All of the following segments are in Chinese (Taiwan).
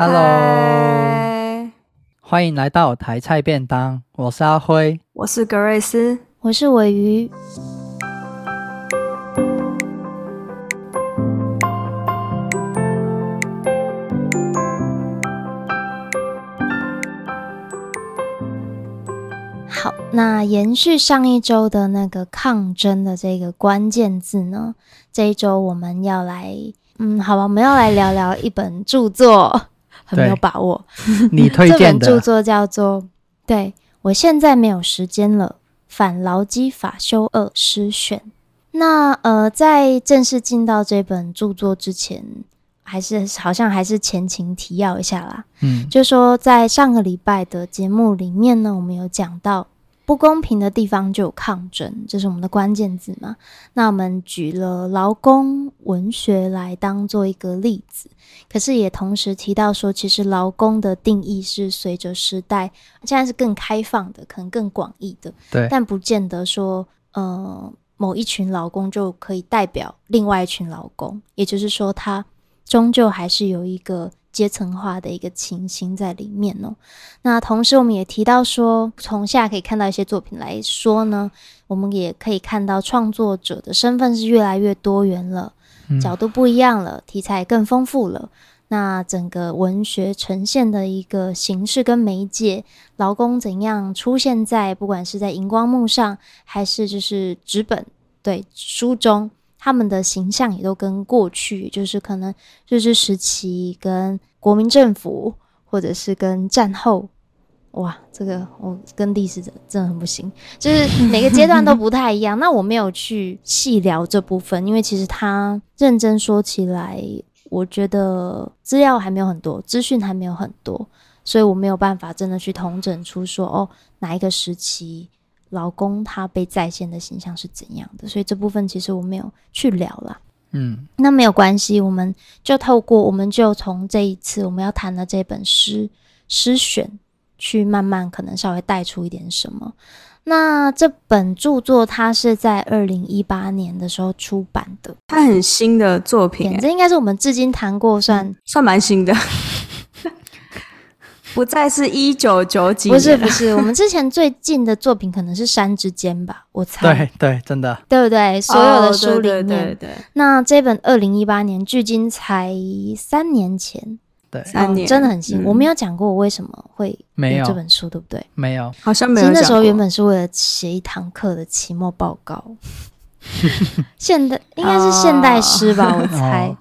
Hello、Hi、歡迎來到台菜便當。我是阿輝，我是格瑞斯，我是偉瑜 。好，那延續上一周的那個抗爭的這個關鍵字呢？這一周我們要來，嗯，好吧，我們要來聊聊一本著作。很沒有把握。 你推薦薦的 這本著作叫做《對我現在沒有時間了反勞基法修惡詩選》那。那呃，在正式進到這本著作之前，還是好像還是前情提要一下啦。嗯，就說在上個禮拜的節目裡面呢，我們有講到。不公平的地方就有抗爭，這是我們的關鍵字嘛。那我們舉了勞工文學來當做一個例子，可是也同時提到說，其實勞工的定義是隨着時代，現在是更開放的，可能更廣義的。對，但不見得說，呃，某一群勞工就可以代表另外一群勞工，也就是說，他終究還是有一個。階層化的一個情形，在裡面哦。那同時我們也提到說，從下可以看到一些作品來說呢，我們也可以看到創作者的身份是越來越多元了，角度不一樣了，題材更豐富了。嗯、那整個文學呈現的一個形式跟媒介，勞工怎樣出現在，不管是在熒光幕上，還是就是紙本，對，書中。他們的形象也都跟過去，就是可能日治時期跟國民政府，或者是跟戰後，哇，這個我跟歷史者真的很不行，就是每個階段都不太一樣。 那我沒有去細聊這部分，因為其實他認真說起來，我覺得資料還沒有很多，資訊還沒有很多，所以我沒有辦法真的去統整出說哦，哪一個時期勞工他被再現的形象是怎樣的？所以這部分其實我沒有去聊了。嗯，那沒有關係，我們就透過，我們就從這一次我們要談的這本詩詩選，去慢慢可能稍微帶出一點什麼。那這本著作它是在二零一八年的時候出版的，它很新的作品、欸，這應該是我們至今談過算、嗯、算蠻新的。 不再是一九九幾年， 不是不是，我們之前最近的作品可能是《山之間》吧，我猜。對對，真的。對不對？所有的書裡面，oh, 對，對，對，對。那這本二零一八年，距今才三年前。對，哦、三年真的很新。嗯、我沒有講過我為什麼會沒有這本書，對不對？沒有，好像沒有。那時候原本是為了寫一堂課的期末報告。 現代應該是現代詩吧，我猜。Oh.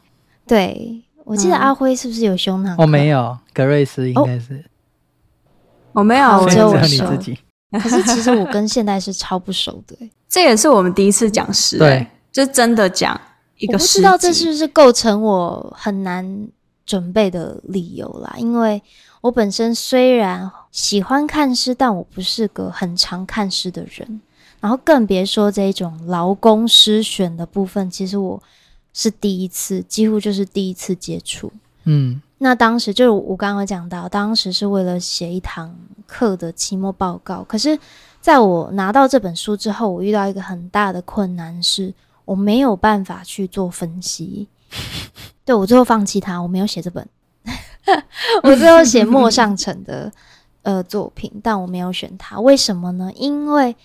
對。我記得阿輝是不是有胸膛，嗯？我沒有，格瑞斯應該是，哦。我沒有，我沒有，只有我自己。 可是其實我跟現代詩超不熟的，欸。這也是我們第一次講詩，欸，對，就真的講一個。我不知道這是不是構成我很難準備的理由啦？因為我本身雖然喜歡看詩，但我不是個很常看詩的人，然後更別說這種勞工詩選的部分，其實我。是第一次，幾乎就是第一次接觸。嗯，那當時就是我剛剛講到，當時是為了寫一堂課的期末報告。可是，在我拿到這本書之後，我遇到一個很大的困難，是我沒有辦法去做分析。 對，我最後放棄它，我沒有寫這本。 我最後寫莫尚城的 呃作品，但我沒有選它。為什麼呢？因為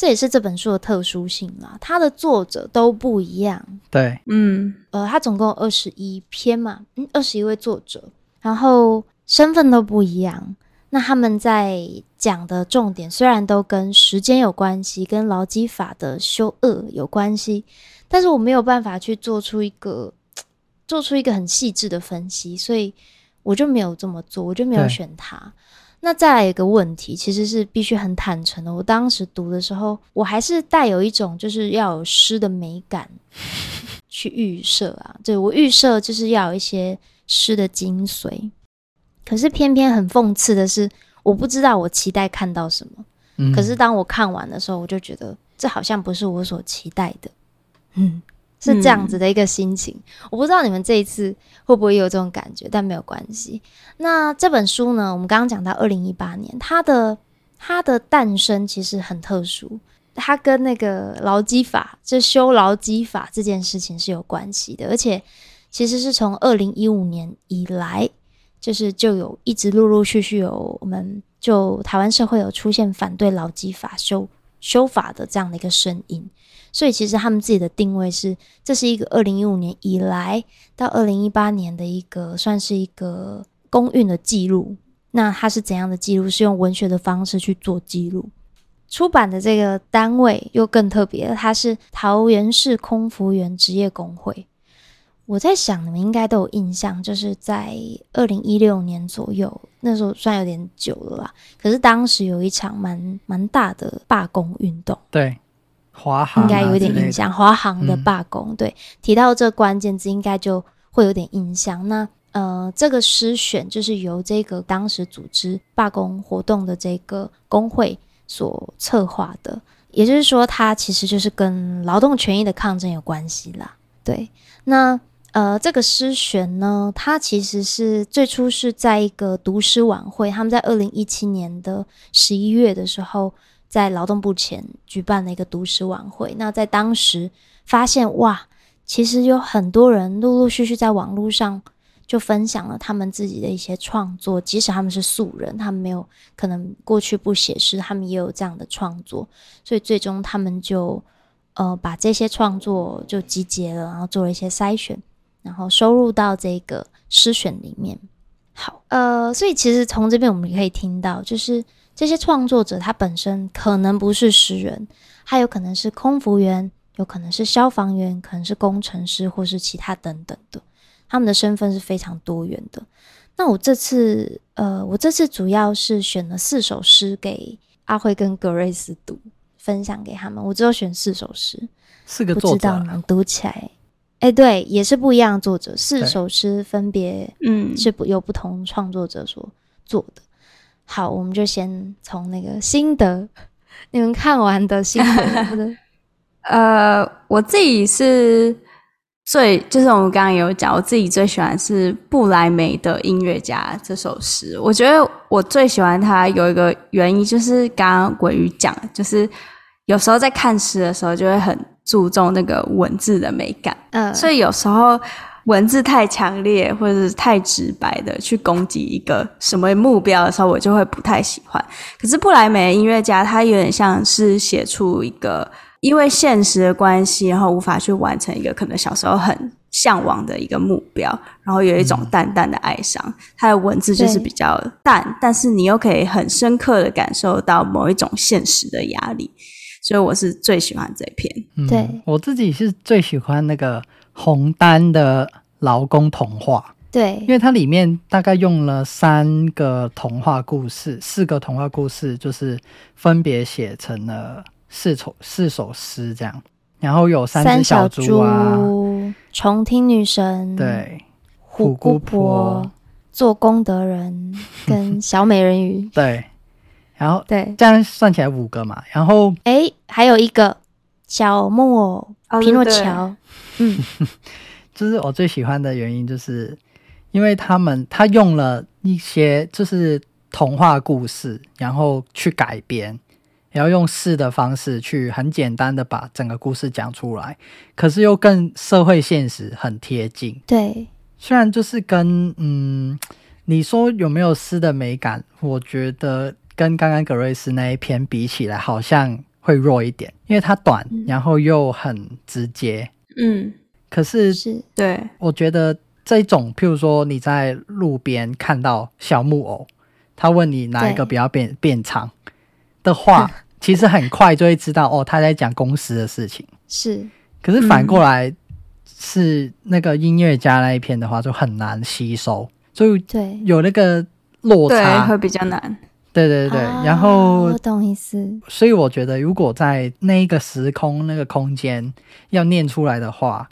這也是這本書的特殊性啦，它的作者都不一樣。對，嗯，呃，它總共二十一篇嘛，嗯，二十一位作者，然後身份都不一樣。那他們在講的重點雖然都跟時間有關係，跟勞基法的修惡有關係，但是我沒有辦法去做出一個做出一個很細緻的分析，所以我就沒有這麼做，我就沒有選它。那再來一個問題，其實是必須很坦誠的。我當時讀的時候，我還是帶有一種就是要有詩的美感，去預設啊，對，我預設就是要有一些詩的精髓。可是偏偏很諷刺的是，我不知道我期待看到什麼。嗯、可是當我看完的時候，我就覺得這好像不是我所期待的。嗯。是這樣子的一個心情，嗯，我不知道你們這一次會不會有這種感覺，但沒有關係。那這本書呢，我們剛剛講到二零一八年，它的它的誕生其實很特殊，它跟那個勞基法，就修勞基法這件事情是有關係的，而且其實是從二零一五年以來，就是就有一直陸陸續續有我們就台灣社會有出現反對勞基法修修法的這樣的一個聲音。所以其實他們自己的定位是，這是一個二零一五年以來到二零一八年的一個，算是一個工運的記錄。那它是怎樣的記錄？是用文學的方式去做記錄。出版的這個單位又更特別，它是桃園市空服員職業工會。我在想，你們應該都有印象，就是在二零一六年左右，那時候算有點久了啦，可是當時有一場蠻蠻大的罷工運動。對。華航、啊、應該有點印象，華航的罷工、嗯。對，提到這關鍵字，應該就會有點印象。那呃，這個詩選就是由這個當時組織罷工活動的這個工會所策劃的，也就是說，它其實就是跟勞動權益的抗爭有關係啦。對，那呃，這個詩選呢，它其實是最初是在一個讀詩晚會，他們在二零一七年的十一月的時候。在勞動部前舉辦了一個讀詩晚會。那在當時發現，哇，其實有很多人陸陸續續在網絡上就分享了他們自己的一些創作，即使他們是素人，他們沒有可能過去不寫詩，他們也有這樣的創作。所以最終他們就呃把這些創作就集結了，然後做了一些篩選，然後收入到這個詩選裡面。好，呃，所以其實從這邊我們也可以聽到，就是。這些創作者他本身可能不是詩人，他有可能是空服員，有可能是消防員，可能是工程師，或是其他等等的。他們的身份是非常多元的。那我這次，呃，我這次主要是選了四首詩給阿慧跟格瑞斯讀，分享給他們。我只有選四首詩，四個作者，啊，不知道能讀起來，哎、欸，對，也是不一樣的作者。四首詩分別，嗯，是由不同創作者所做的。Okay. 嗯好，我們就先從那個心得，你們看完的心得是不是？ 呃，我自己是最，就是我們剛剛有講，我自己最喜歡是布萊梅的音樂家這首詩。我覺得我最喜歡它有一個原因，就是剛剛鬼魚講，就是有時候在看詩的時候，就會很注重那個文字的美感，呃，所以有時候。文字太強烈或者是太直白的去攻擊一個什麼目標的時候，我就會不太喜歡。可是布萊梅音樂家他有點像是寫出一個因為現實的關係，然後無法去完成一個可能小時候很向往的一個目標，然後有一種淡淡的哀傷。他的文字就是比較淡，但是你又可以很深刻的感受到某一種現實的壓力。所以我是最喜歡這篇。嗯，對，我自己是最喜歡那個洪丹的，勞工童話，對，因為它裡面大概用了三個童話故事，四個童話故事，就是分別寫成了四首四首詩這樣。然後有三隻小豬啊，啊，重聽女神，對，虎姑婆，做功德人， 跟小美人魚，對，然後對，這樣算起來五個嘛。然後哎、欸，還有一個小木偶匹諾喬，oh, right. 嗯。 其實我最喜歡的原因，就是因為他們他用了一些就是童話故事，然後去改編，然後用詩的方式去很簡單的把整個故事講出來，可是又跟社會現實，很貼近。對，雖然就是跟嗯，你說有沒有詩的美感？我覺得跟剛剛格瑞斯那一篇比起來，好像會弱一點，因為它短，嗯、然後又很直接。嗯。可是，是對，我覺得這一種，譬如說你在路邊看到小木偶，他問你哪一個比較變變長的話，其實很快就會知道哦，他在講公司的事情。是，可是反過來、嗯、是那個音樂家那一篇的話，就很難吸收，就對有那個落差會比較難。對對對，啊、然後我懂意思。所以我覺得，如果在那一個時空、那個空間要念出來的話。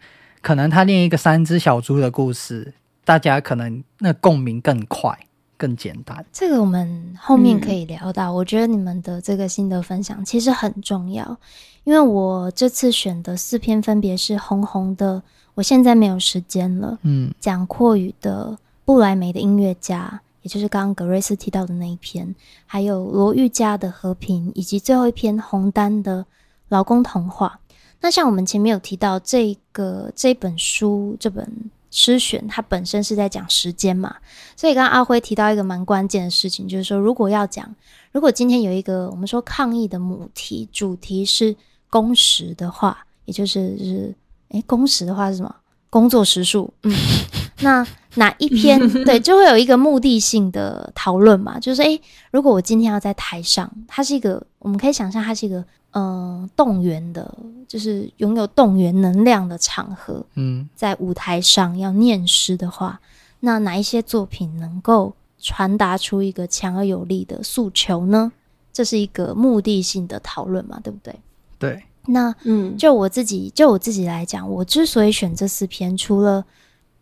可能他念一個三隻小豬的故事，大家可能那共鳴更快、更簡單。這個我們後面可以聊到，嗯。我覺得你們的這個心得分享其實很重要，因為我這次選的四篇分別是鴻鴻的，我現在沒有時間了。嗯，蔣闊宇的布萊梅的音樂家，也就是剛剛格瑞斯提到的那一篇，還有羅毓嘉的和平，以及最後一篇洪丹的勞工童話。那像我們前面有提到這個這本，這本書這本詩選，它本身是在講時間嘛。所以剛剛阿輝提到一個蠻關鍵的事情，就是說如果要講，如果今天有一個我們說抗議的母題主題是工時的話，也就是、就是哎、欸，工時的話是什麼？工作時數？嗯， 那哪一篇對就會有一個目的性的討論嘛？就是哎、欸，如果我今天要在台上，它是一個我們可以想象它是一個。嗯、呃，動員的，就是擁有動員能量的場合。嗯，在舞台上要念詩的話，那哪一些作品能夠傳達出一個強而有力的訴求呢？這是一個目的性的討論嘛，對不對？對。那嗯，就我自己，就我自己來講，我之所以選這四篇，除了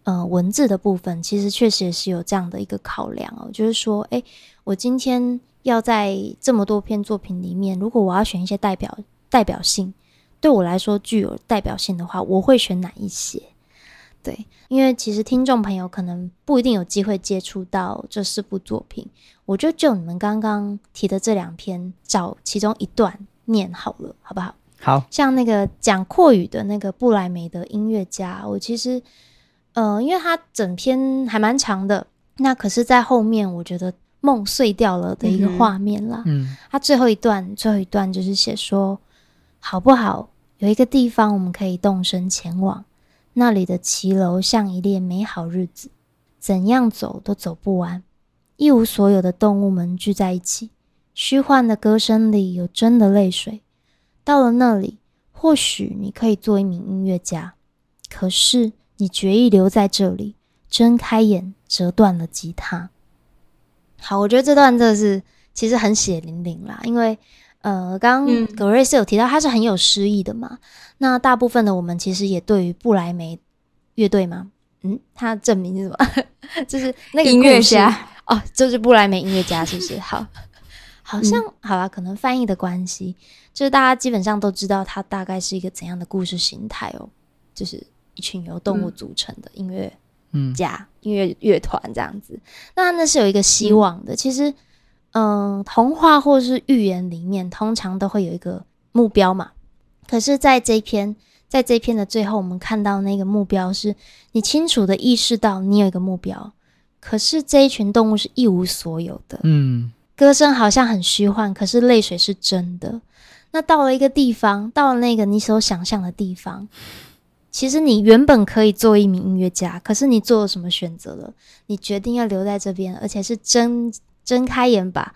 呃文字的部分，其實確實也是有這樣的一個考量哦、喔，就是說，誒、欸，我今天，要在這麼多篇作品裡面，如果我要選一些代表代表性，對我來說具有代表性的話，我會選哪一些？對，因為其實聽眾朋友可能不一定有機會接觸到這四部作品，我就就你們剛剛提的這兩篇，找其中一段念好了，好不好？好像那個蔣闊宇的那個《布萊梅的音樂家》，我其實，呃，因為他整篇還蠻長的，那可是，在後面我覺得。夢碎掉了的一個畫面啦。嗯，Mm-hmm. Mm-hmm. 它最後一段，最後一段就是寫說，好不好？有一個地方我們可以動身前往，那裡的騎樓像一列美好日子，怎樣走都走不完。一無所有的動物們聚在一起，虛幻的歌聲裡有真的淚水。到了那裡，或許你可以做一名音樂家，可是你決意留在這裡，睜開眼折斷了吉他。好，我覺得這段真的是其實很血淋淋啦，因為呃，剛剛格瑞斯有提到他是很有詩意的嘛、嗯，那大部分的我們其實也對於布萊梅樂隊嘛，嗯，他證明是什麼？ 就是那個音樂家哦，就是布萊梅音樂家，是不是？ 好，好像、嗯、好吧，可能翻譯的關係，就是大家基本上都知道他大概是一個怎樣的故事形態哦，就是一群由動物組成的音樂。嗯家音樂樂團這樣子，那那是有一個希望的。嗯、其實，嗯，童話或是寓言裡面通常都會有一個目標嘛。可是，在這一篇，在這一篇的最後，我們看到那個目標是你清楚的意識到你有一個目標。可是這一群動物是一無所有的。嗯，歌聲好像很虛幻，可是淚水是真的。那到了一個地方，到了那個你所想象的地方。其實你原本可以做一名音樂家，可是你做了什麼選擇了？你決定要留在這邊，而且是睜睜開眼把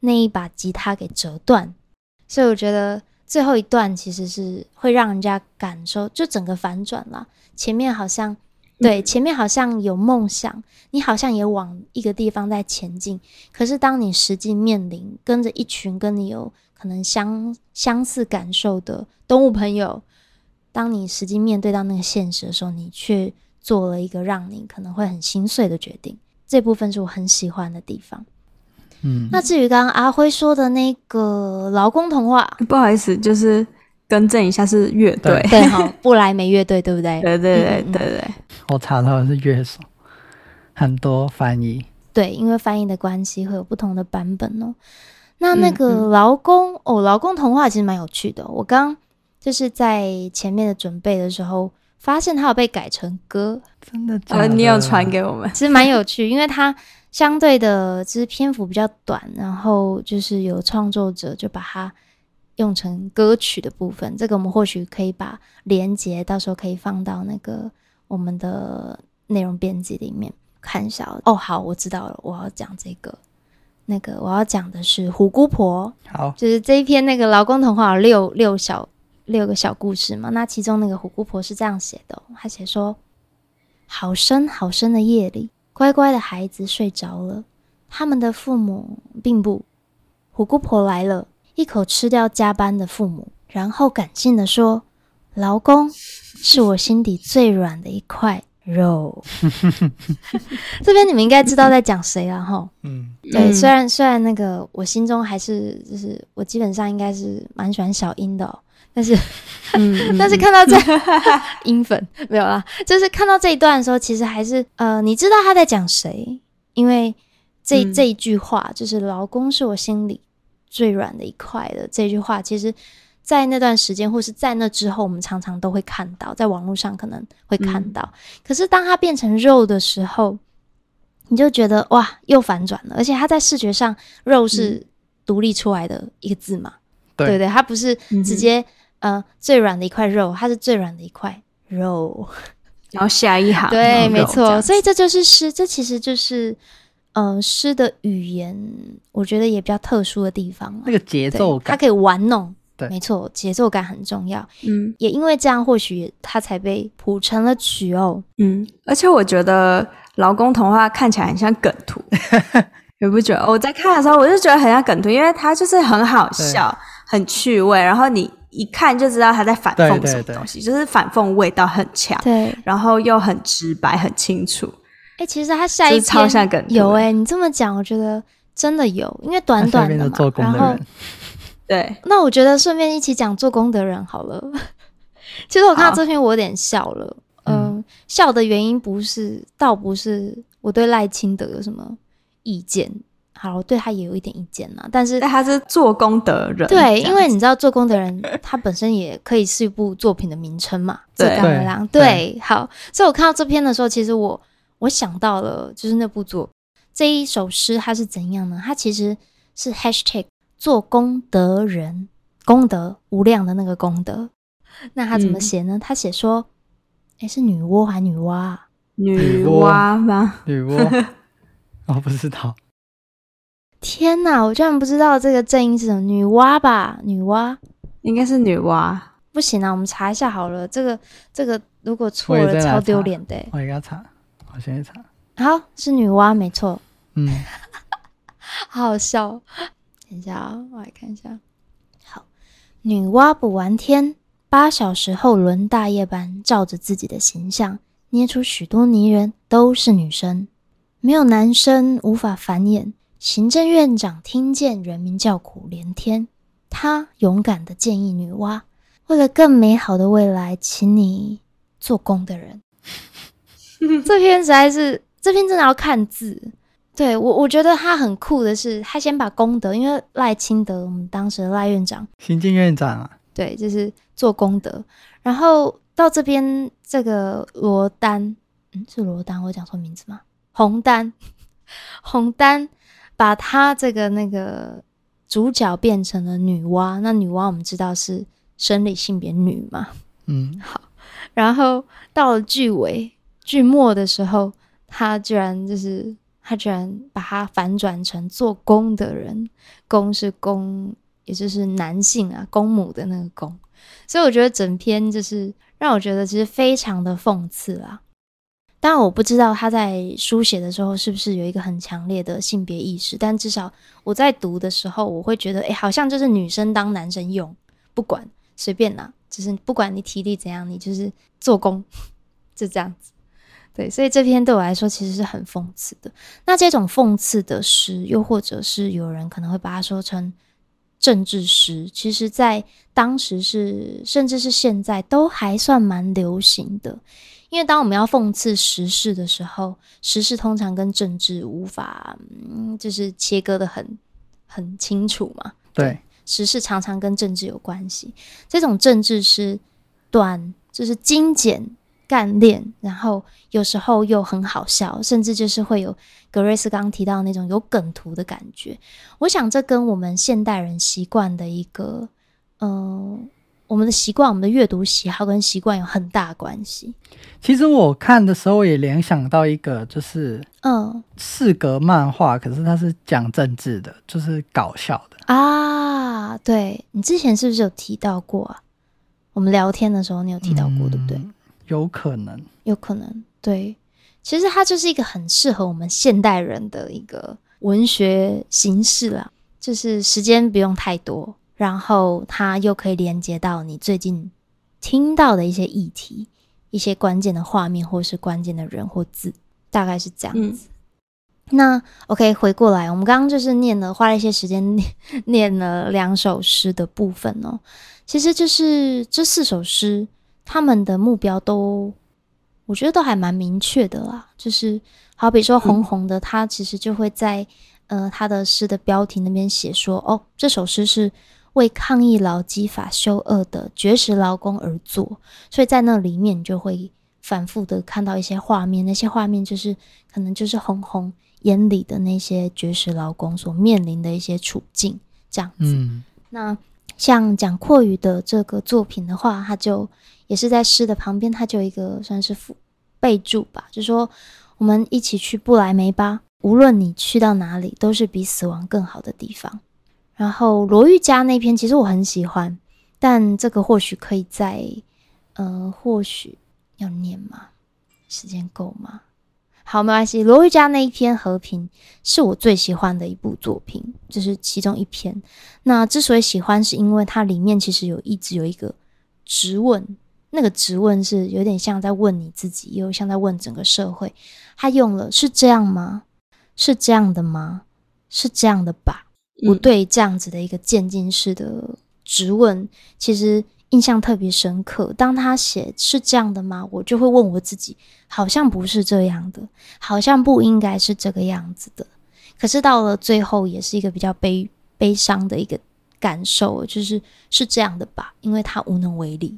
那一把吉他給折斷。所以我覺得最後一段其實是會讓人家感受，就整個反轉啦。前面好像，對，嗯，前面好像有夢想，你好像也往一個地方在前進。可是當你實際面臨，跟着一群跟你有可能相相似感受的動物朋友。當你實際面對到那個現實的時候，你卻做了一個讓你可能會很心碎的決定。這部分是我很喜歡的地方。嗯，那至於剛剛阿輝說的那個《勞工童話》，不好意思，就是更正一下是，是樂隊，對，好，布萊梅樂隊， 對不對？對對對、嗯、對對。我查到的是樂手，很多翻譯。對，因為翻譯的關係會有不同的版本哦、喔。那那個《勞、嗯、工、嗯》哦，《勞工童話》其實蠻有趣的、喔。我剛。就是在前面的準備的時候，發現它有被改成歌，真的，呃、啊，你有傳給我們，其實蠻有趣，因為它相對的就是篇幅比較短，然後就是有創作者就把它用成歌曲的部分。這個我們或許可以把連結，到時候可以放到那個我們的內容編輯裡面看一下。哦，好，我知道了，我要講這個，那個我要講的是虎姑婆，好，就是這一篇那個勞工童話六六小。六個小故事嘛，那其中那個虎姑婆是這樣寫的，喔，她寫說：“好深好深的夜裡，乖乖的孩子睡着了，他們的父母並不，虎姑婆來了，一口吃掉加班的父母，然後感性的說：‘勞工是我心底最軟的一塊肉。 ’” 這邊你們應該知道在講誰了哈？嗯，對、嗯，欸，雖然雖然那個我心中還是就是我基本上應該是蠻喜歡小英的，喔。但是、嗯嗯，但是看到這、嗯、 音粉沒有啦，就是看到這一段的時候，其實還是呃，你知道他在講誰？因為這一、嗯、這一句話就是“勞工是我心裡最軟的一塊”的這句話，其實，在那段時間或是在那之後，我們常常都會看到，在網絡上可能會看到、嗯。可是當他變成肉的時候，你就覺得哇，又反轉了，而且他在視覺上，肉是獨立出來的一個字嘛？嗯、對不對，對，對？他不是直接、嗯。嗯、呃，最軟的一塊肉，它是最軟的一塊肉。 然後下一行，對，沒錯，所以這就是詩，這其實就是，嗯、呃，詩的語言，我覺得也比較特殊的地方。那個節奏感，感。它可以玩弄，對，沒錯，節奏感很重要。嗯，也因為這樣，或許它才被譜成了曲哦。嗯，而且我覺得勞工童話看起來很像梗圖，你 不覺得、哦？我在看的時候，我就覺得很像梗圖，因為它就是很好笑，很趣味，然後你。一看就知道他在反諷什麼東西，對對對對，就是反諷味道很強，然後又很直白、很清楚。哎、欸，其實他下一超像、就是、梗有哎，你這麼講，我覺得真的有，因為短短的嘛人。然後 對，那我覺得順便一起講做功德人好了。 其實我看到這篇，我有點笑了嗯。嗯，笑的原因不是，倒不是我對賴清德有什麼意見。好，我對他也有一點意見吶，但是但他是做功德人，對，因為你知道做功德人， 他本身也可以是一部作品的名稱嘛，對，對，對，對，好，所以我看到這篇的時候，其實我我想到了，就是那部作這一首詩，它是怎樣呢？它其實是 hashtag 做功德人功德無量的那個功德，那他怎麼寫呢？他、嗯、寫說，哎、欸，是女媧還女媧、啊？女媧 嗎？女媧， 我不知道。天哪！我居然不知道這個正音是什麼，女媧吧？女媧應該是女媧，不行啊！我們查一下好了。這個這個，如果錯了，超丟臉的、欸。我應該查，查，我先去查。好，是女媧沒錯。嗯， 好好笑。 等一下、哦，我來看一下。好，女媧補完天，八小時後輪大夜班，照着自己的形象捏出許多泥人，都是女生，沒有男生，無法繁衍。行政院長聽見人民叫苦連天，他勇敢的建議女媧：“為了更美好的未來，請你做功德人。 ”這篇實在是，這篇真的要看字。對我，我覺得他很酷的是，他先把功德，因為賴清德，我們當時的賴院長，行政院長啊，對，就是做功德。然後到這邊這個羅丹，嗯，是羅丹，我講錯名字嗎？洪丹，洪丹。洪丹把他這個那個主角變成了女媧，那女媧我們知道是生理性別女嘛，嗯，好，然後到了劇尾劇末的時候，她居然就是她居然把她反轉成做公的人，公是公，也就是男性啊，公母的那個公，所以我覺得整篇就是讓我覺得其實非常的諷刺啊。當然我不知道他在書寫的時候是不是有一個很強烈的性別意識，但至少我在讀的時候，我會覺得，誒、欸，好像就是女生當男生用，不管隨便啦，就是不管你體力怎樣，你就是做工，就這樣子。對，所以這篇對我來說其實是很諷刺的。那這種諷刺的詩，又或者是有人可能會把它說成政治詩，其實在當時是，甚至是現在都還算蠻流行的。因為當我們要諷刺時事的時候，時事通常跟政治無法，嗯、就是切割得很很清楚嘛對。對，時事常常跟政治有關係。這種政治詩短，就是精簡、幹練，然後有時候又很好笑，甚至就是會有格瑞斯剛提到的那種有梗圖的感覺。我想這跟我們現代人習慣的一個，嗯、呃。我們的習慣，我們的閱讀喜好跟習慣有很大關係。其實我看的時候也聯想到一個，就是嗯，四格漫畫、嗯，可是它是講政治的，就是搞笑的啊。對，你之前是不是有提到過、啊？我們聊天的時候你有提到過，對不對、嗯？有可能，有可能，對。其實它就是一個很適合我們現代人的一個文學形式啦，就是時間不用太多。然後它又可以連接到你最近聽到的一些議題、一些關鍵的畫面，或是關鍵的人或字，大概是這樣子。嗯、那 OK，回過來，我們剛剛就是念了，花了一些時間念了兩首詩的部分哦。其實，就是這四首詩，他們的目標都，我覺得都還蠻明確的啦。就是好比說，鴻鴻的，他、嗯、其實就會在呃他的詩的標題那邊寫說：“哦，這首詩是。”為抗議勞基法修惡的絕食勞工而做，所以在那裡面就會反覆的看到一些畫面，那些畫面就是可能就是鴻鴻眼裡的那些絕食勞工所面臨的一些處境，這樣子。嗯、那像蔣闊宇的這個作品的話，他就也是在詩的旁邊，他就有一個算是附備注吧，就是、說我們一起去布萊梅吧，無論你去到哪裡，都是比死亡更好的地方。然後羅毓嘉那篇其實我很喜歡，但這個或許可以在，呃，或許要念嗎？時間夠嗎？好，沒關係。羅毓嘉那一篇《和平》是我最喜歡的一部作品，這、就是其中一篇。那之所以喜歡，是因為它裡面其實有一直有一個質問，那個質問是有點像在問你自己，又像在問整個社會。他用了是這樣嗎？是這樣的嗎？是這樣的吧？我對這樣子的一個漸進式的質問，其實印象特別深刻。當他寫是這樣的嗎？我就會問我自己，好像不是這樣的，好像不應該是這個樣子的。可是到了最後，也是一個比較悲悲傷的一個感受，就是是這樣的吧？因為他無能為力，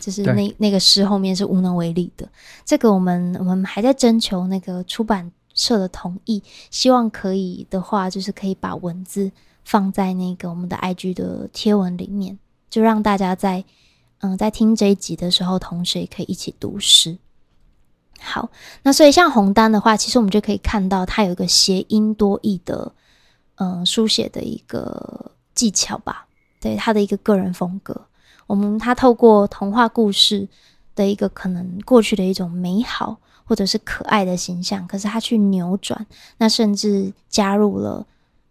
就是那 那個詩後面是無能為力的。這個我們我們還在徵求那個出版社的同意，希望可以的話，就是可以把文字放在那個我們的 IG 的貼文裡面，就讓大家在嗯在聽這一集的時候，同時也可以一起讀詩。好，那所以像洪丹的話，其實我們就可以看到它有一個諧音多義的嗯書寫的一個技巧吧，對他的一個個人風格。我們他透過童話故事的一個可能過去的一種美好。或者是可愛的形象，可是他去扭轉，那甚至加入了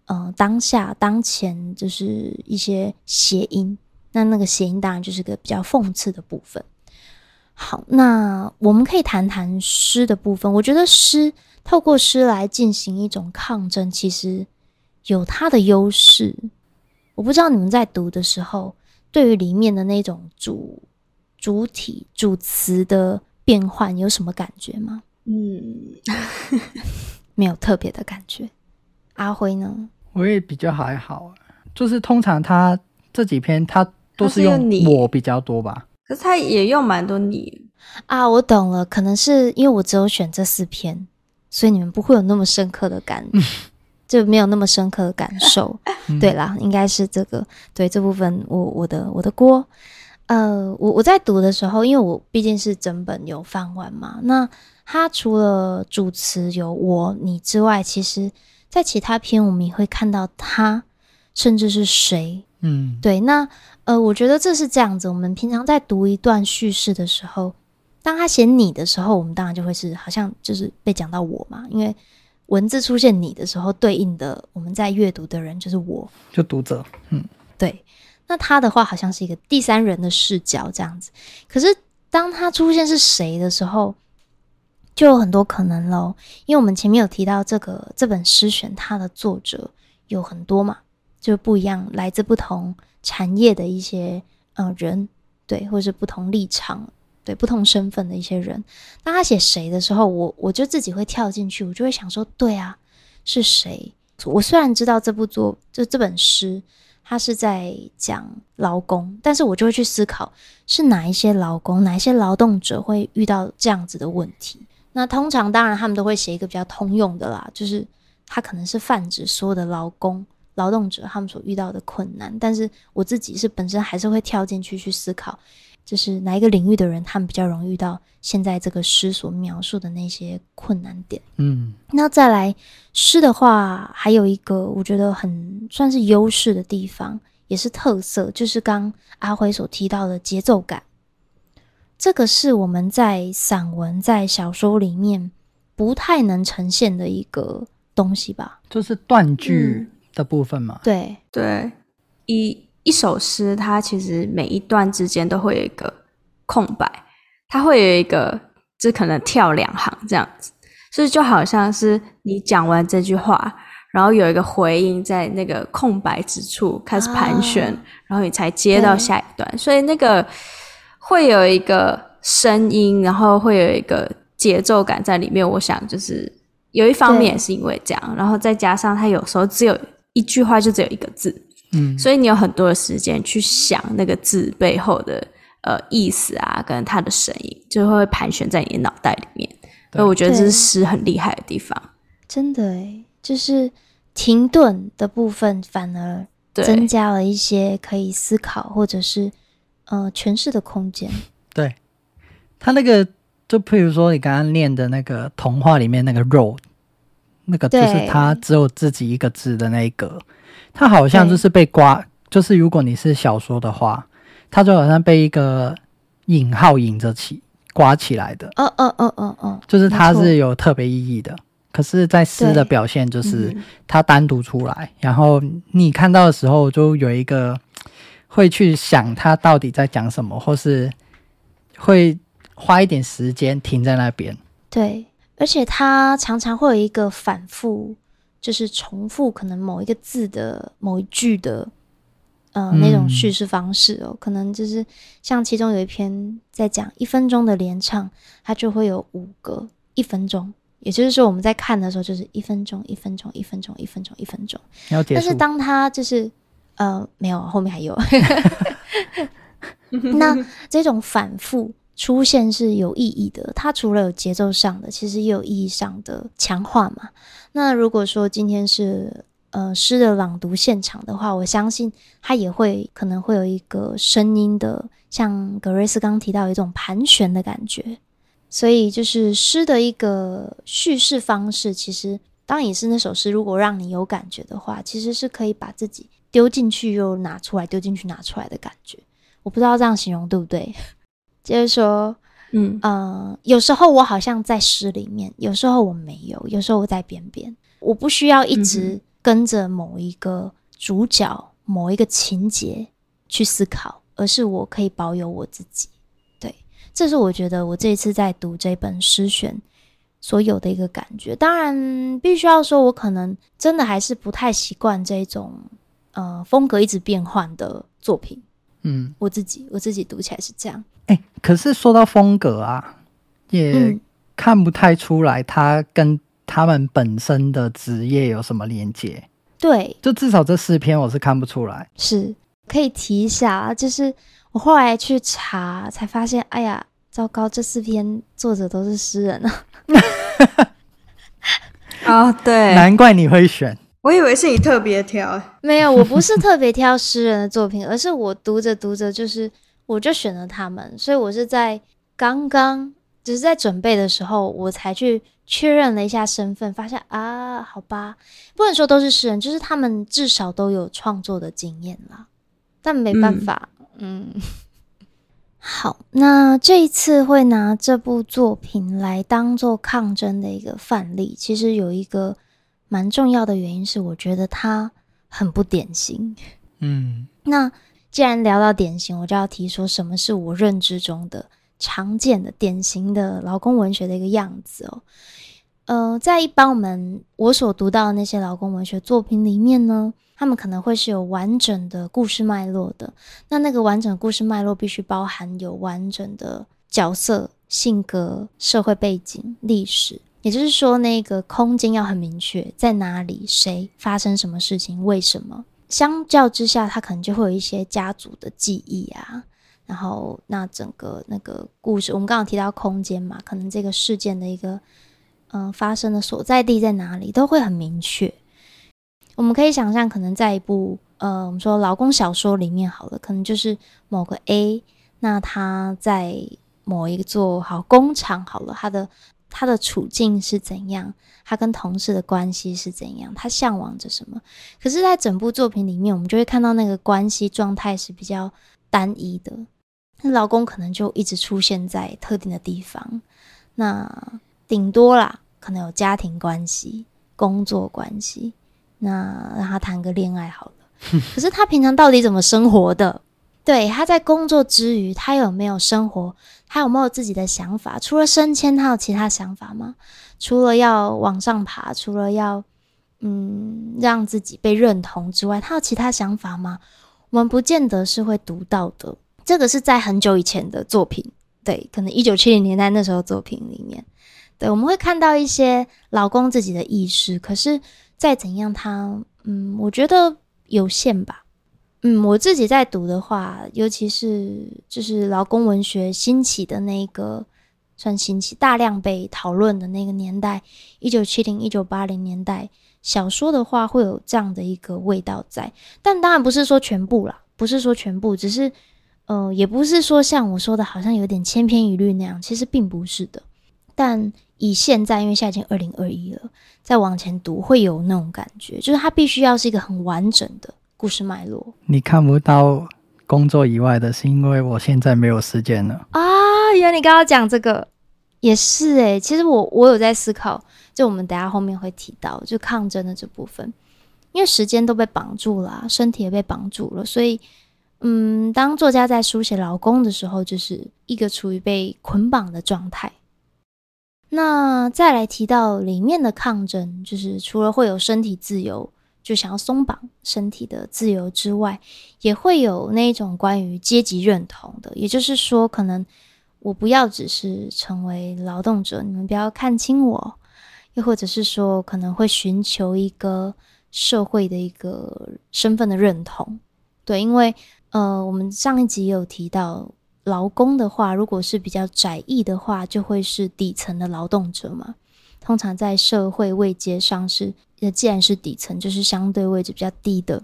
呃當下當前就是一些諧音，那那個諧音當然就是個比較諷刺的部分。好，那我們可以談談詩的部分。我覺得詩，透過詩來進行一種抗爭，其實有它的優勢。我不知道你們在讀的時候，對於裡面的那種主主體、主詞的變換有什麼感覺嗎？嗯 ，沒有特別的感覺。 阿輝呢？我也比較還好，就是通常他這幾篇，他都是用你我比較多吧。是，可是他也用蠻多你啊。我懂了，可能是因為我只有選這四篇，所以你們不會有那麼深刻的感覺， 就沒有那麼深刻的感受。 對啦，應該是這個。對，這部分我，我的我的我的鍋。呃，我我在讀的時候，因為我畢竟是整本有翻完嘛。那他除了主持有我你之外，其實，在其他篇我們也會看到他，甚至是誰。嗯，對。那呃，我覺得這是這樣子。我們平常在讀一段敘事的時候，當他寫你的時候，我們當然就會是好像就是被講到我嘛。因為文字出現你的時候，對應的我們在閱讀的人就是我就讀者。嗯。那他的話好像是一個第三人的視角這樣子，可是當他出現是誰的時候，就有很多可能嘍。因為我們前面有提到這個這本詩選，它的作者有很多嘛，就不一樣，來自不同產業的一些呃人，對，或是不同立場、對不同身份的一些人。當他寫誰的時候，我我就自己會跳進去，我就會想說：對啊，是誰？我雖然知道這部作就這本詩。他是在講勞工，但是我就會去思考是哪一些勞工，哪一些勞動者會遇到這樣子的問題。那通常，當然他們都會寫一個比較通用的啦，就是他可能是泛指所有的勞工、勞動者他們所遇到的困難。但是我自己是本身還是會跳進去去思考，就是哪一個領域的人，他們比較容易遇到現在這個詩所描述的那些困難點。嗯，那再來詩的話，還有一個我覺得很算是優勢的地方，也是特色，就是剛阿輝所提到的節奏感。這個是我們在散文、在小說裡面不太能呈現的一個東西吧？就是斷句的部分嘛？對、嗯、對，一。一首詩，它其實每一段之間都會有一個空白，它會有一個，只可能跳兩行這樣子，所以就好像是你講完這句話，然後有一個回音在那個空白之處開始盤旋，啊，然後你才接到下一段，所以那個會有一個聲音，然後會有一個節奏感在裡面。我想就是有一方面也是因為這樣，然後再加上它有時候只有一句話就只有一個字。嗯，所以你有很多的時間去想那個字背後的呃意思啊，跟它的聲音，就會盤旋在你的腦袋裡面。所以我覺得這是詩很厲害的地方。真的哎、欸，就是停頓的部分反而增加了一些可以思考或者是呃詮釋的空間。對，他那個，就譬如說你剛剛念的那個童話裡面那個肉。那個就是他只有自己一個字的那一格，他好像就是被刮，就是如果你是小說的話，他就好像被一個引號引着起刮起來的。哦哦哦哦哦，就是他是有特別意義的。可是，在詩的表現，就是他單獨出來，嗯，然後你看到的時候，就有一個會去想他到底在講什麼，或是會花一點時間停在那邊。對。而且它常常會有一個反覆，就是重複可能某一個字的某一句的，呃，那種敘事方式哦、喔嗯，可能就是像其中有一篇在講一分鐘的連唱，它就會有五個一分鐘，也就是說我們在看的時候就是一分鐘，一分鐘，一分鐘，一分鐘，一分鐘，但是當他就是呃沒有、啊、後面還有， 那這種反覆。出現是有意義的，它除了有節奏上的，其實也有意義上的強化嘛。那如果說今天是呃詩的朗讀現場的話，我相信它也會可能會有一個聲音的，像格瑞斯剛提到一種盤旋的感覺。所以就是詩的一個敘事方式，其實當然也是那首詩，如果讓你有感覺的話，其實是可以把自己丟進去又拿出來，丟進去拿出來的感覺。我不知道這樣形容對不對？就是說，嗯呃，有時候我好像在詩裡面，有時候我沒有，有時候我在邊邊，我不需要一直跟着某一個主角、嗯、某一個情節去思考，而是我可以保有我自己。對，這是我覺得我這一次在讀這本詩選所有的一個感覺。當然，必須要說，我可能真的還是不太習慣這種呃風格一直變換的作品。嗯，我自己我自己讀起來是這樣。哎、欸，可是說到風格啊，也看不太出來他跟他們本身的職業有什麼連接。對，就至少這四篇我是看不出來。是，可以提一下啊，就是我後來去查才發現，哎呀，糟糕，這四篇作者都是詩人啊。啊 ，oh, 對，難怪你會選。我以為是你特別挑、欸，沒有，我不是特別挑詩人的作品， 而是我讀着讀着，就是我就選了他們，所以我是在剛剛就是在準備的時候，我才去確認了一下身份，發現啊，好吧，不能說都是詩人，就是他們至少都有創作的經驗啦，但沒辦法嗯，嗯，好，那這一次會拿這部作品來當做抗爭的一個範例，其實有一個。蠻重要的原因是，我覺得他很不典型。嗯，那既然聊到典型，我就要提說，什麼是我認知中的常見的典型的勞工文學的一個樣子哦。呃，在一般我們我所讀到的那些勞工文學作品裡面呢，他們可能會是有完整的故事脈絡的。那那個完整的故事脈絡必須包含有完整的角色、性格、社會背景、歷史。也就是說，那個空間要很明確，在哪裡，誰發生什麼事情，為什麼？相較之下，它可能就會有一些家族的記憶啊。然後，那整個那個故事，我們剛剛提到空間嘛，可能這個事件的一個嗯、呃、發生的所在地在哪裡，都會很明確。我們可以想象，可能在一部呃，我們說勞工小說裡面好了，可能就是某個 A，那他在某一座好工廠好了，他的。他的處境是怎樣？他跟同事的關係是怎樣？他向往着什麼？可是，在整部作品裡面，我們就會看到那個關係狀態是比較單一的。那勞工可能就一直出現在特定的地方，那頂多啦，可能有家庭關係、工作關係，那讓他談個戀愛好了。 可是他平常到底怎麼生活的？對，他在工作之餘，他有沒有生活？他有沒有自己的想法？除了升遷，他有其他想法嗎？除了要往上爬，除了要嗯讓自己被認同之外，他有其他想法嗎？我們不見得是會讀到的。這個是在很久以前的作品，對，可能一九七零年代那時候的作品裡面，對，我們會看到一些勞工自己的意識。可是再怎樣他，他嗯，我覺得有限吧。嗯，我自己在讀的話，尤其是就是勞工文學興起的那個，算興起、大量被討論的那個年代，一九七零、一九八零年代小說的話，會有這樣的一個味道在。但當然不是說全部啦，不是說全部，只是，呃，也不是說像我說的，好像有點千篇一律那樣。其實並不是的。但以現在，因為現在已經二零二一了，再往前讀會有那種感覺，就是它必須要是一個很完整的。故事脈絡，你看不到工作以外的，是因為我現在沒有時間了。啊，原來你剛剛講這個也是誒、欸。其實我我有在思考，就我們等下後面會提到就抗爭的這部分，因為時間都被綁住了、啊，身體也被綁住了，所以嗯，當作家在書寫勞工的時候，就是一個處於被捆綁的狀態。那再來提到裡面的抗爭，就是除了會有身體自由，就想要鬆綁身體的自由之外，也會有那一種關於階級認同的，也就是說，可能我不要只是成為勞動者，你們不要看輕我，又或者是說可能會尋求一個社會的一個身份的認同。對，因為呃，我們上一集有提到，勞工的話，如果是比較窄義的話，就會是底層的勞動者嘛。通常在社會位階上是，既然是底層，就是相對位置比較低的。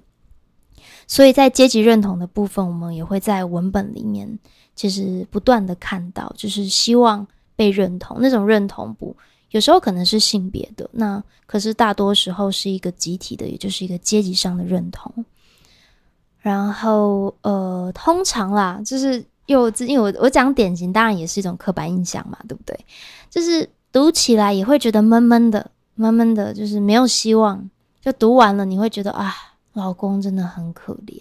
所以在階級認同的部分，我們也會在文本裡面，其實不斷的看到，就是希望被認同那種認同，不，有時候可能是性別的，那可是大多時候是一個集體的，也就是一個階級上的認同。然後，呃，通常啦，就是又，因為我，因為我，我講典型，當然也是一種刻板印象嘛，對不對？就是。讀起來也會覺得悶悶的，悶悶的，就是沒有希望。就讀完了，你會覺得啊，老公真的很可憐，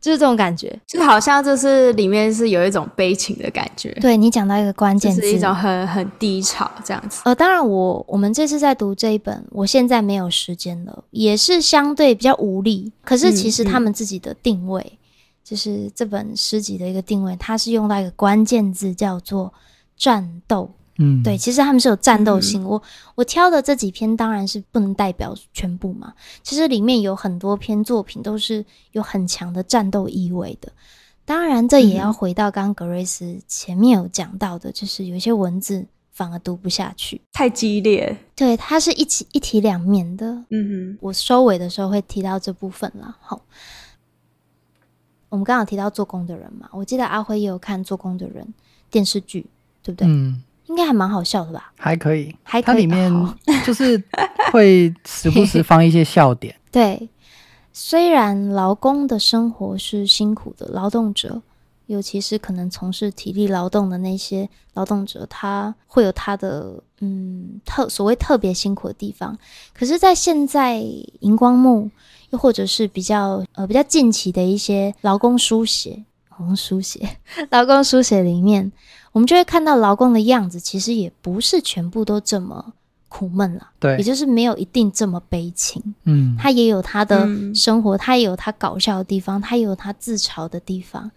就是這種感覺，就好像就是裡面是有一種悲情的感覺。對，你講到一個關鍵字，就是一種很很低潮這樣子。呃，當然我我們這次在讀這一本，我現在沒有時間了，也是相對比較無力。可是其實他們自己的定位，嗯嗯、就是這本詩集的一個定位，它是用到一個關鍵字叫做戰鬥。嗯，對，其實他們是有戰鬥性、嗯。我我挑的這幾篇當然是不能代表全部嘛。其實裡面有很多篇作品都是有很強的戰鬥意味的。當然，這也要回到剛剛格瑞斯前面有講到的，就是有一些文字反而讀不下去，太激烈。對，它是一起一體兩面的。嗯哼，我收尾的時候會提到這部分啦。好，我們剛好提到做工的人嘛。我記得阿輝也有看《做工的人》電視劇，對不對？嗯。應該還蠻好笑的吧？還可以，還可以。它裡面就是會時不時放一些笑點。 對，雖然勞工的生活是辛苦的，勞動者，尤其是可能從事體力勞動的那些勞動者，他會有他的嗯特所謂特別辛苦的地方。可是，在現在熒光幕，又或者是比較呃比較近期的一些勞工書寫、勞工書寫、勞工書寫裡面。我們就會看到勞工的樣子，其實也不是全部都這麼苦悶了，對，也就是沒有一定這麼悲情，嗯，他也有他的生活，嗯，他也有他搞笑的地方，他也有他自嘲的地方，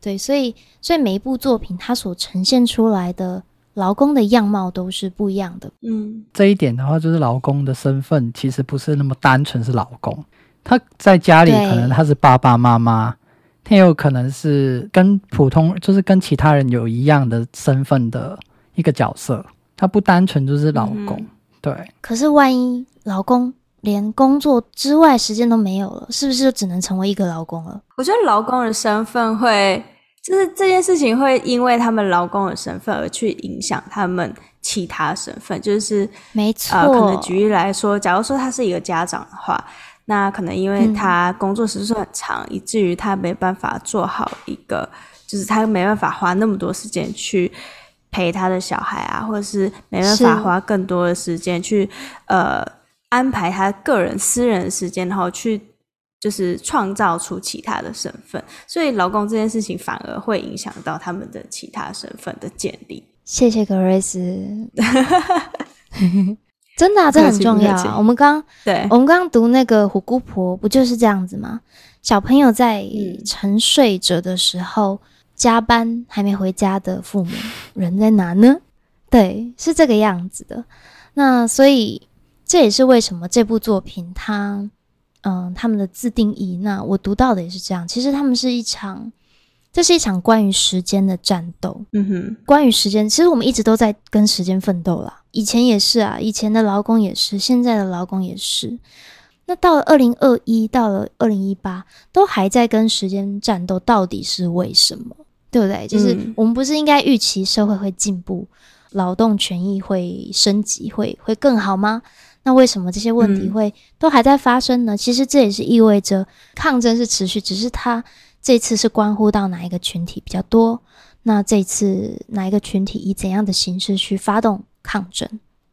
對，所以，所以每一部作品他所呈現出來的勞工的樣貌都是不一樣的，嗯，這一點的話，就是勞工的身份其實不是那麼單純是勞工，他在家裡可能他是爸爸媽媽。很有可能是跟普通，就是跟其他人有一樣的身份的一個角色，他不單純就是勞工，嗯。對。可是萬一勞工連工作之外時間都沒有了，是不是就只能成為一個勞工了？我覺得勞工的身份會，就是這件事情會因為他們勞工的身份而去影響他們其他身份。就是沒錯，呃，可能舉例來說，假如說他是一個家長的話。那可能因為他工作時間很長，嗯、以至於他沒辦法做好一個，就是他沒辦法花那麼多時間去陪他的小孩啊，或者是沒辦法花更多的時間去呃安排他個人私人時間，然後去就是創造出其他的身份。所以勞工這件事情反而會影響到他們的其他身份的建立。謝謝 Grace。 真的啊，這很重要啊。我們剛，對，我們剛讀那個《虎姑婆》，不就是這樣子嗎？小朋友在沉睡着的時候、嗯，加班還沒回家的父母，人在哪呢？ 對，是這個樣子的。那所以這也是為什麼這部作品，它，嗯、呃，他們的自定義。那我讀到的也是這樣。其實他們是一場。這是一場關於時間的戰鬥。嗯哼，關於時間，其實我們一直都在跟時間奮鬥啦。以前也是啊，以前的勞工也是，現在的勞工也是。那到了二零二一，到了二零一八，都還在跟時間戰鬥，到底是為什麼？對不對？嗯。就是我們不是應該預期社會會進步，勞動權益會升級，會會更好嗎？那為什麼這些問題會都還在發生呢？嗯。其實這也是意味着抗爭是持續，只是它。這次是關乎到哪一個群體比較多？那這次哪一個群體以怎樣的形式去發動抗爭，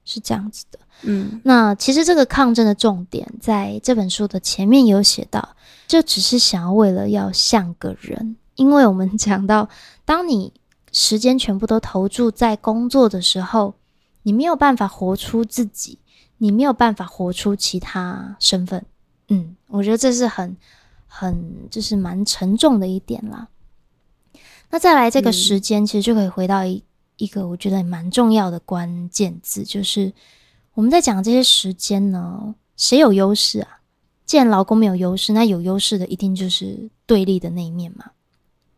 是這樣子的。嗯，那其實這個抗爭的重點在這本書的前面有寫到，就只是想要為了要像個人，因為我們講到，當你時間全部都投注在工作的時候，你沒有辦法活出自己，你沒有辦法活出其他身份。嗯，我覺得這是很。很就是蠻沉重的一點啦。那再來這個時間、嗯，其實就可以回到一一個我覺得蠻重要的關鍵字，就是我們在講這些時間呢，誰有優勢啊？既然勞工沒有優勢，那有優勢的一定就是對立的那一面嘛，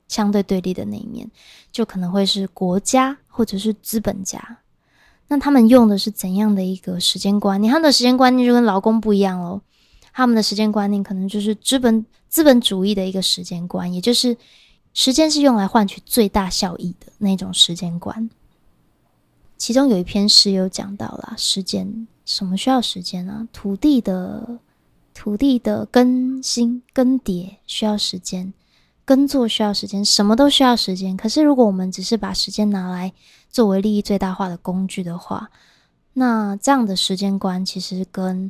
相對對立的那一面，就可能會是國家或者是資本家。那他們用的是怎樣的一個時間觀念？他們的時間觀念就跟勞工不一樣哦，他們的時間觀念可能就是資本。資本主義的一個時間觀，也就是時間是用來換取最大效益的那種時間觀。其中有一篇詩有講到啦，時間，什麼需要時間啊？土地的、土地的更新更迭需要時間，耕作需要時間，什麼都需要時間。可是如果我們只是把時間拿來作為利益最大化的工具的話，那這樣的時間觀其實跟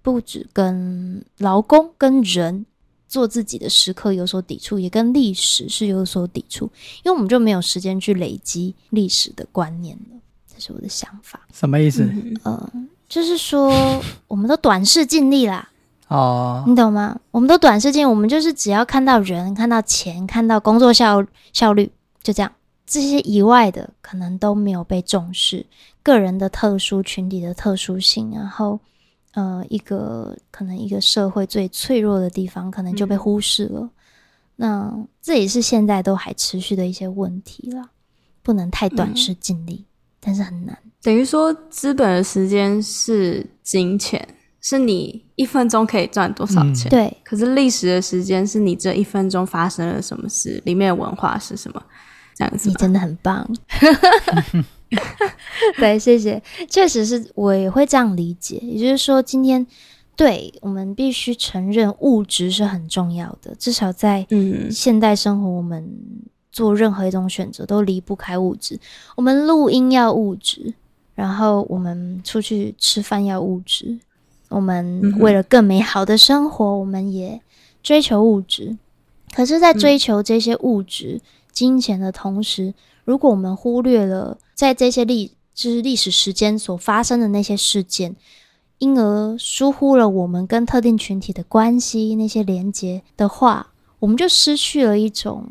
不止跟勞工、跟人。做自己的時刻有所抵觸，也跟歷史是有所抵觸，因為我們就沒有時間去累積歷史的觀念了。這是我的想法。什麼意思？嗯、呃，就是說 我們都短視近利啦。哦， 你懂嗎？我們都短視近利，我們就是只要看到人、看到錢、看到工作效率效率，就這樣，這些以外的可能都沒有被重視。個人的特殊、群體的特殊性，然後。呃，一個可能一個社會最脆弱的地方，可能就被忽視了。嗯、那這也是現在都還持續的一些問題了。不能太短視近利，但是很難。等於說，資本的時間是金錢，是你一分鐘可以賺多少錢。對、嗯。可是歷史的時間是你這一分鐘發生了什麼事，裡面的文化是什麼，這樣子。你真的很棒。 對，謝謝。確實是我也會這樣理解，也就是說，今天，對，我們必須承認物質是很重要的。至少在現代生活，我們做任何一種選擇都離不開物質，嗯。我們錄音要物質，然後我們出去吃飯要物質。我們為了更美好的生活，我們也追求物質。可是，在追求這些物質、金錢的同時，嗯嗯如果我們忽略了在這些歷就是歷史時間所發生的那些事件，因而疏忽了我們跟特定群體的關係那些連接的話，我們就失去了一種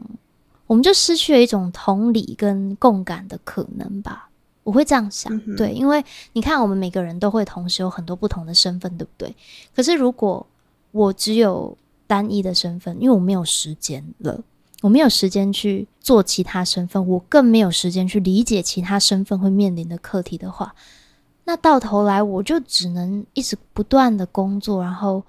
我們就失去了一種同理跟共感的可能吧。我會這樣想，嗯、對，因為你看，我們每個人都會同時有很多不同的身份，對不對？可是如果我只有單一的身份，因為我沒有時間了。我沒有時間去做其他身份，我更沒有時間去理解其他身份會面臨的課題的話，那到頭來我就只能一直不斷的工作，然後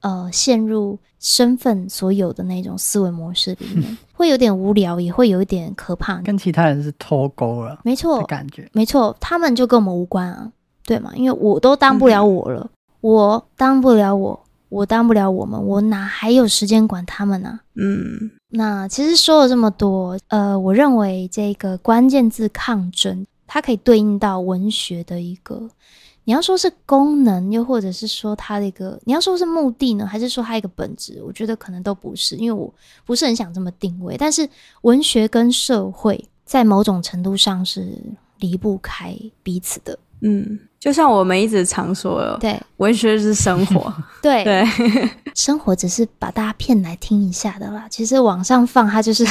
呃陷入身份所有的那種思維模式裡面，會有點無聊，也會有一點可怕，跟其他人是脫鈎了。沒錯，感覺沒錯。他們就跟我們無關啊。對嘛，因為我都當不了我了。嗯、我當不了我。我當不了我們，我哪還有時間管他們呢？啊？嗯，那其實說了這麼多，呃，我認為這個關鍵字抗爭，它可以對應到文學的一個，你要說是功能，又或者是說它的一個，你要說是目的呢，還是說它一個本質？我覺得可能都不是，因為我不是很想這麼定位。但是文學跟社會在某種程度上是離不開彼此的，嗯。就像我們一直常說的，對，文學是生活， 對對，生活只是把大家騙來聽一下的啦。其實往上放它就是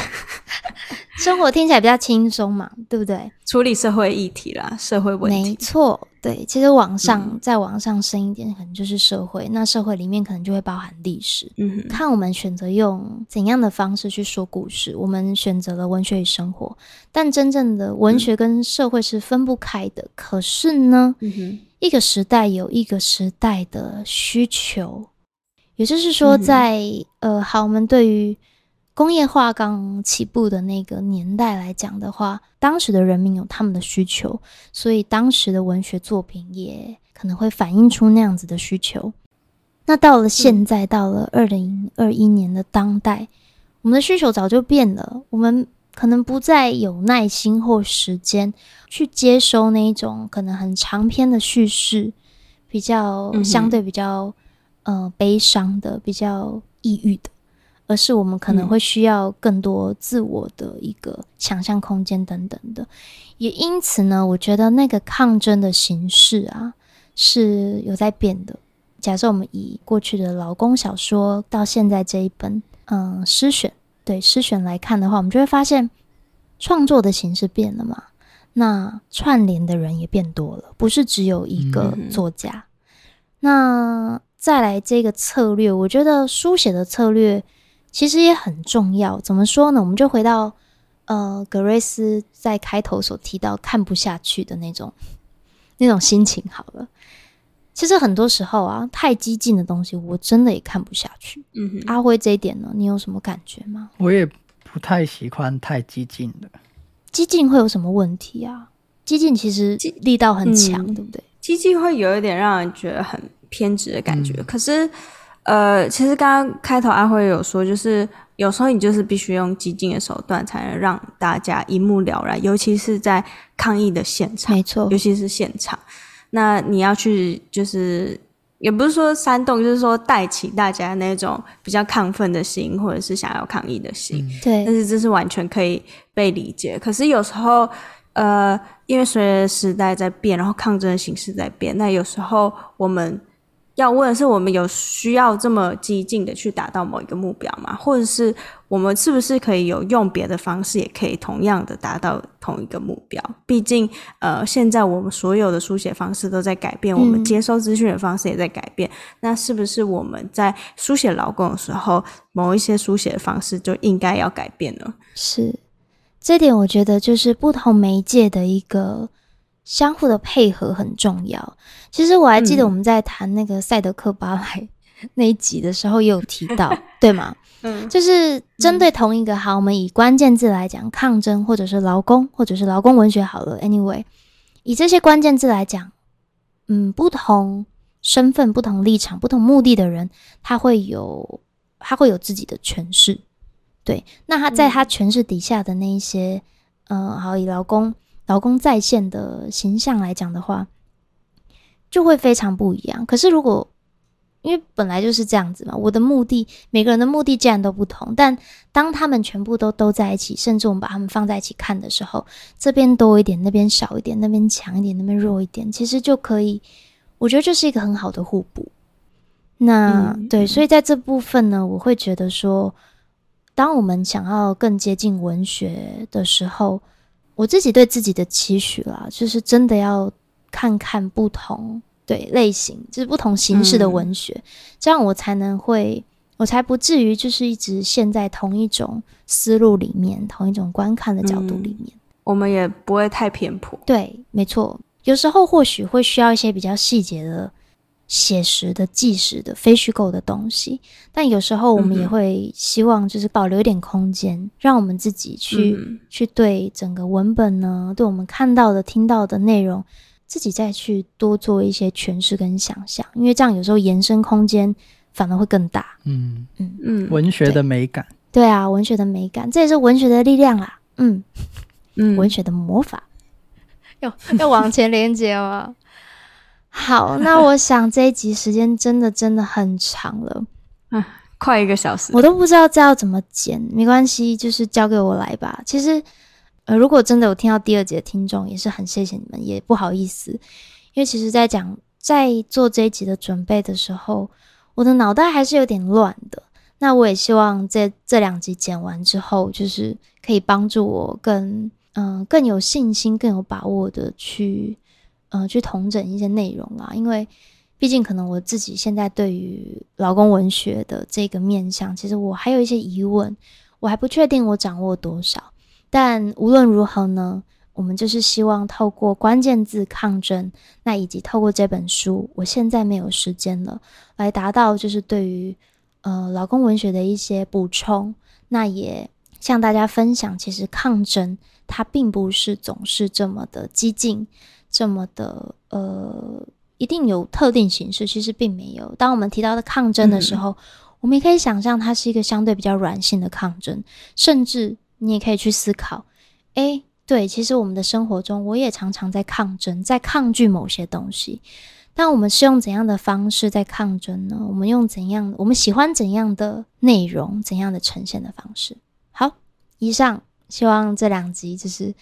生活聽起來比較輕鬆嘛，對不對？處理社會議題啦，社會問題，沒錯，對。其實往上再、嗯、往上升一點，可能就是社會。那社會裡面可能就會包含歷史。嗯哼，看我們選擇用怎樣的方式去說故事，我們選擇了文學與生活，但真正的文學跟社會是分不開的。嗯、可是呢？嗯一個時代有一個時代的需求，也就是說在，在、嗯、呃，好，我們對於工業化剛起步的那個年代來講的話，當時的人民有他們的需求，所以當時的文學作品也可能會反映出那樣子的需求。那到了現在，嗯、到了二零二一年的當代，我們的需求早就變了，我們可能不再有耐心或時間去接收那一種可能很長篇的敘事，比較相對比較、嗯、呃悲傷的、比較抑鬱的，而是我們可能會需要更多自我的一個想象空間等等的、嗯。也因此呢，我覺得那個抗爭的形式啊是有在變的。假設我們以過去的勞工小說到現在這一本嗯呃、詩選。對，詩選來看的話，我們就會發現創作的形式變了嘛。那串聯的人也變多了，不是只有一個作家。嗯、那再來這個策略，我覺得書寫的策略其實也很重要。怎麼說呢？我們就回到呃格瑞斯在開頭所提到看不下去的那種那種心情好了。其實很多時候啊，太激進的東西，我真的也看不下去。嗯哼，阿輝，這一點呢，你有什麼感覺嗎？我也不太喜歡太激進的。激進會有什麼問題啊？激進其實力道很強，嗯，對不對？激進會有一點讓人覺得很偏執的感覺，嗯。可是，呃，其實剛剛開頭阿輝有說，就是有時候你就是必須用激進的手段，才能讓大家一目了然，尤其是在抗議的現場，沒錯，尤其是現場。那你要去，就是也不是說煽動，就是說帶起大家那種比較亢奮的心，或者是想要抗議的心。對、嗯，但是這是完全可以被理解。可是有時候，呃，因為隨着時代在變，然後抗爭的形式在變，那有時候我們。要問的是，我們有需要這麼激進的去達到某一個目標嗎？或者是我們是不是可以有用別的方式，也可以同樣的達到同一個目標？畢竟，呃，現在我們所有的書寫方式都在改變，我們接收資訊的方式也在改變，嗯。那是不是我們在書寫勞工的時候，某一些書寫的方式就應該要改變呢？是，這點我覺得就是不同媒介的一個。相互的配合很重要。其實我還記得我們在談那個《賽德克巴萊》那一集的時候，也有提到，嗯，對嗎？嗯，就是針對同一個，好，我們以關鍵字來講，抗爭或者是勞工，或者是勞工文學，好了，anyway，以這些關鍵字來講，嗯，不同身份、不同立場、不同目的的人，他會有他會有自己的詮釋。對，那他在他詮釋底下的那一些，嗯，嗯好，以勞工。老公在線的形象來講的話，就會非常不一樣。可是如果因為本來就是這樣子嘛，我的目的，每個人的目的既然都不同，但當他們全部都都在一起，甚至我們把他們放在一起看的時候，這邊多一點，那邊少一點，那邊強一點，那邊弱一點，其實就可以，我覺得就是一個很好的互補。那、嗯、對、嗯，所以在這部分呢，我會覺得說，當我們想要更接近文學的時候。我自己對自己的期許啦，就是真的要看看不同對類型，就是不同形式的文學。嗯，這樣我才能會，我才不至於就是一直陷在同一種思路裡面，同一種觀看的角度裡面。嗯，我們也不會太偏頗。對，沒錯，有時候或許會需要一些比較細節的。寫實的、紀實的、非虛構的東西，但有時候我們也會希望，就是保留一點空間，嗯，讓我們自己去，嗯、去對整個文本呢，對我們看到的、聽到的內容，自己再去多做一些詮釋跟想象因為這樣有時候延伸空間反而會更大。嗯嗯嗯，文學的美感對，對啊，文學的美感，這也是文學的力量啊。嗯嗯，文學的魔法， 要要往前連接哦 好，那我想這一集時間真的真的很長了， 啊，快一個小時，我都不知道這要怎麼剪，沒關係，就是交給我來吧。其實，呃，如果真的有聽到第二集的聽眾，也是很謝謝你們，也不好意思，因為其實在，在講在做這一集的準備的時候，我的腦袋還是有點亂的。那我也希望在這這兩集剪完之後，就是可以幫助我更嗯、呃、更有信心、更有把握的去。呃，去統整一些內容啦，因為畢竟可能我自己現在對於勞工文學的這個面向，其實我還有一些疑問，我還不確定我掌握多少。但無論如何呢，我們就是希望透過關鍵字抗爭，那以及透過這本書，我現在沒有時間了，來達到就是對於呃勞工文學的一些補充。那也向大家分享，其實抗爭它並不是總是這麼的激進。這麼的呃，一定有特定形式，其實並沒有。當我們提到的抗爭的時候，嗯，我們也可以想象它是一個相對比較軟性的抗爭，甚至你也可以去思考，誒、欸，對，其實我們的生活中，我也常常在抗爭，在抗拒某些東西。那我們是用怎樣的方式在抗爭呢？我們用怎樣的？我們喜歡怎樣的內容？怎樣的呈現的方式？好，以上，希望這兩集就是。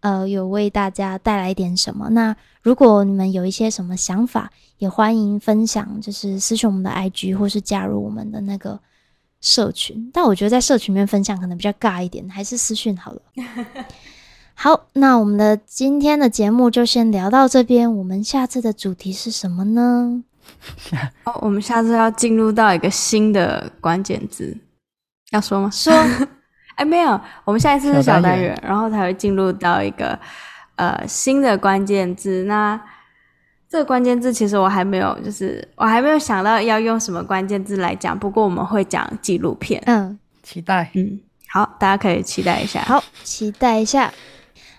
呃，有為大家帶來一點什麼？那如果你們有一些什麼想法，也歡迎分享，就是私訊我們的 IG，或是加入我們的那個社群。但我覺得在社群裡面分享可能比較尬一點，還是私訊好了。 好，那我們的今天的節目就先聊到這邊。我們下次的主題是什麼呢？ 哦，我們下次要進入到一個新的關鍵字，要說嗎？說。 哎，沒有，我們下一次是小單元，小單元然後才會進入到一個呃新的關鍵字。那這個關鍵字其實我還沒有，就是我還沒有想到要用什麼關鍵字來講。不過我們會講紀錄片，嗯，期待，嗯，好，大家可以期待一下，好，期待一下。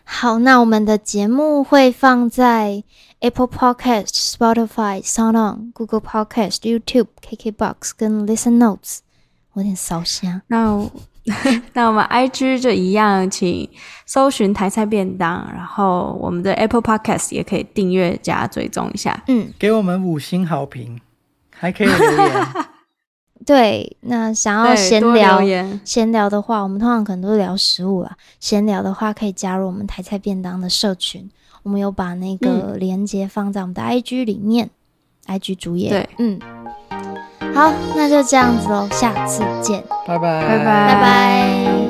好，那我們的節目會放在 Apple Podcast、Spotify、Sound On、Google Podcast、YouTube、KK Box 跟 Listen Notes。我有點燒香啊。那。 那我們 I G 就一樣，請搜尋台菜便當，然後我們的 Apple Podcast 也可以訂閱加追蹤一下，嗯，給我們五星好評，還可以留言。 對，那想要閒聊閒聊的話，我們通常可能都是聊食物啊。閒聊的話，可以加入我們台菜便當的社群，我們有把那個連結放在我們的 I G 裡面，嗯、I G 主頁，對，嗯。好，那就這樣子嘍，下次見，拜拜，拜拜，拜拜。